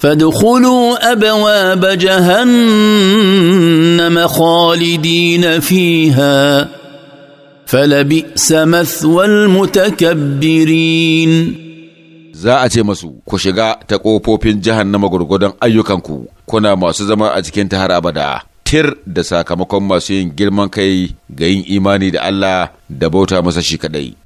فادخلوا ابواب جهنم خالدين فيها فلبئس مثوى المتكبرين za a ce masu ku shiga ta ƙofofin jahannama gwargwadon ayyukanku kuna masu zama a cikin ta har abada tir da sakamakon masu yin girman kai ga yin imani da Allah da bauta masa shi kadai